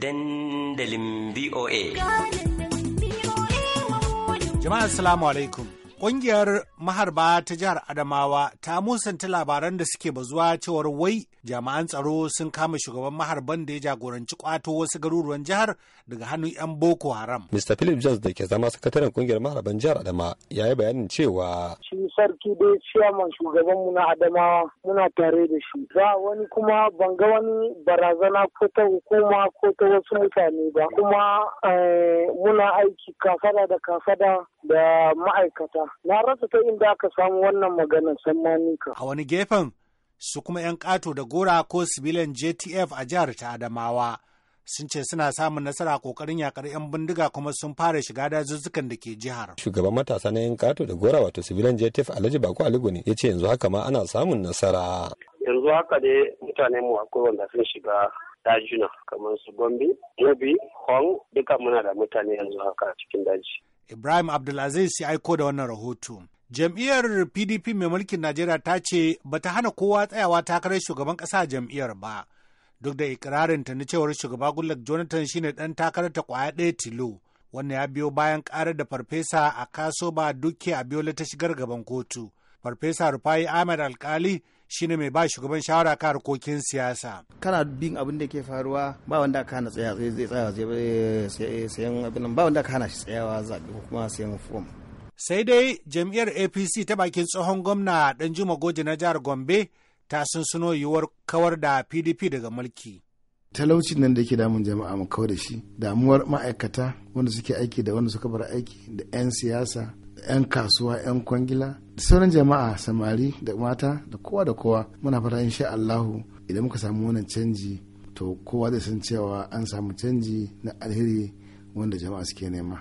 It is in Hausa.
dandalin VOA. Jama'a Assalamu alaikum. Ƙungiyar maharba ta jihar Adamawa ta musanta labaran da suke bazuwa cewar wai jami'an tsaro sun kama shugaban maharban da ya jagoranci kwato wasu garuruwan jihar daga hannun 'yan Boko Haram. Mr. Philip Jones da ke zama sakataren ƙungiyar maharban jihar Adama ya yi bayanin cewa. Shi sarki dai ciyaman shugabanmu na Adamawa muna tare da shi. Za wani kuma ban ga wani barazana ko ta hukuma ko ta wasu mutane ba. Kuma eh, muna aiki kafada da kafada da ma'aikata. Na rasa ta inda aka samu wannan maganar sammanika. A wani gefen su kuma 'yan kato da gora ko sibilan JTF a jihar ta Adamawa. sun ce suna samun nasara kokarin yakar 'yan bindiga kuma sun fara shiga dazuzzukan da ke jihar. Shugaban matasa na 'yan kato da gora wato sibilan JTF Alhaji Bako Aligo ne ya ce yanzu haka ma ana samun nasara. Yanzu haka dai mutanen mu akwai wanda sun shiga dajuna kamar su Gombe, yobi Hong duka muna da mutane yanzu haka cikin daji. Ibrahim Abdulaziz ya aiko da wannan rahoto. Jam'iyyar PDP mai mulkin Najeriya ta ce ba ta hana kowa tsayawa takarar shugaban ƙasa jam'iyyar ba, duk da ta na cewar shugaba Gullak Jonathan shine ɗan takarar ta kwaya ɗaya tilo. Wannan ya biyo bayan ƙarar da farfesa a kaso ba dukke a biyo ta shigar gaban kotu. Farfesa Rufai Ahmed Alkali shine mai ba shugaban shawara kan harkokin siyasa kana bin abin da ke faruwa ba wanda aka hana tsaya zai tsaya zai sayan abin ba wanda aka hana shi tsayawa zaɓe ko kuma sayan fom sai dai jam'iyyar apc ta bakin tsohon gwamna danjuma goje na jihar gombe ta sunsuno yiwuwar kawar da pdp daga mulki talauci nan da ke damun jama'a mu kawar da shi damuwar ma'aikata wanda suke aiki da wanda suka bar aiki da 'yan siyasa 'yan kasuwa 'yan kwangila da sauran jama'a samari da mata da kowa da kowa muna fata insha allahu idan muka samu wannan canji to kowa zai san cewa an samu canji na alheri wanda jama'a suke nema